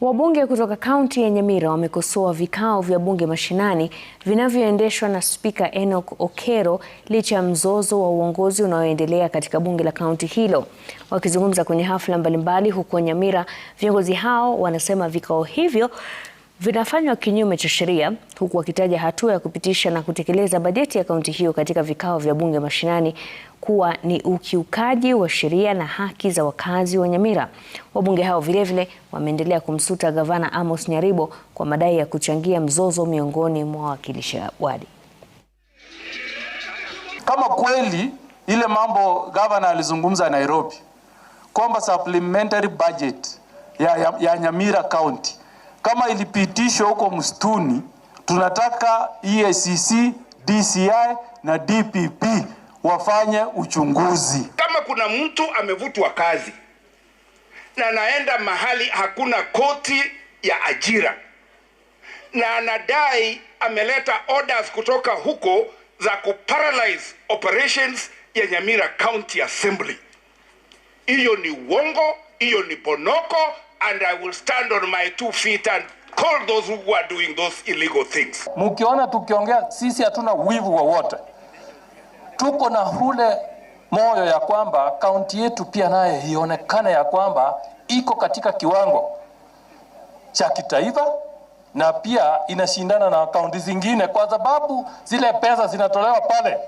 Wabunge kutoka kaunti ya Nyamira wamekosoa vikao vya bunge mashinani vinavyoendeshwa na Spika Enoch Okero licha ya mzozo wa uongozi unaoendelea katika bunge la kaunti hilo. Wakizungumza kwenye hafla mbalimbali huko Nyamira, viongozi hao wanasema vikao hivyo vinafanywa kinyume cha sheria, huku wakitaja hatua ya kupitisha na kutekeleza bajeti ya kaunti hiyo katika vikao vya bunge mashinani kuwa ni ukiukaji wa sheria na haki za wakazi wa Nyamira. Wabunge hao vilevile wameendelea kumsuta gavana Amos Nyaribo kwa madai ya kuchangia mzozo miongoni mwa wawakilishi wadi. Kama kweli ile mambo gavana alizungumza Nairobi kwamba supplementary budget ya, ya, ya Nyamira County kama ilipitishwa huko msituni, tunataka EACC, DCI na DPP wafanye uchunguzi. Kama kuna mtu amevutwa kazi na anaenda mahali hakuna koti ya ajira na anadai ameleta orders kutoka huko za kuparalyze operations ya Nyamira County Assembly, hiyo ni uongo, hiyo ni bonoko and I will stand on my two feet and call those who are doing those illegal things. Mkiona tukiongea sisi hatuna wivu wowote, tuko na hule moyo ya kwamba kaunti yetu pia naye ionekane ya kwamba iko katika kiwango cha kitaifa na pia inashindana na kaunti zingine, kwa sababu zile pesa zinatolewa pale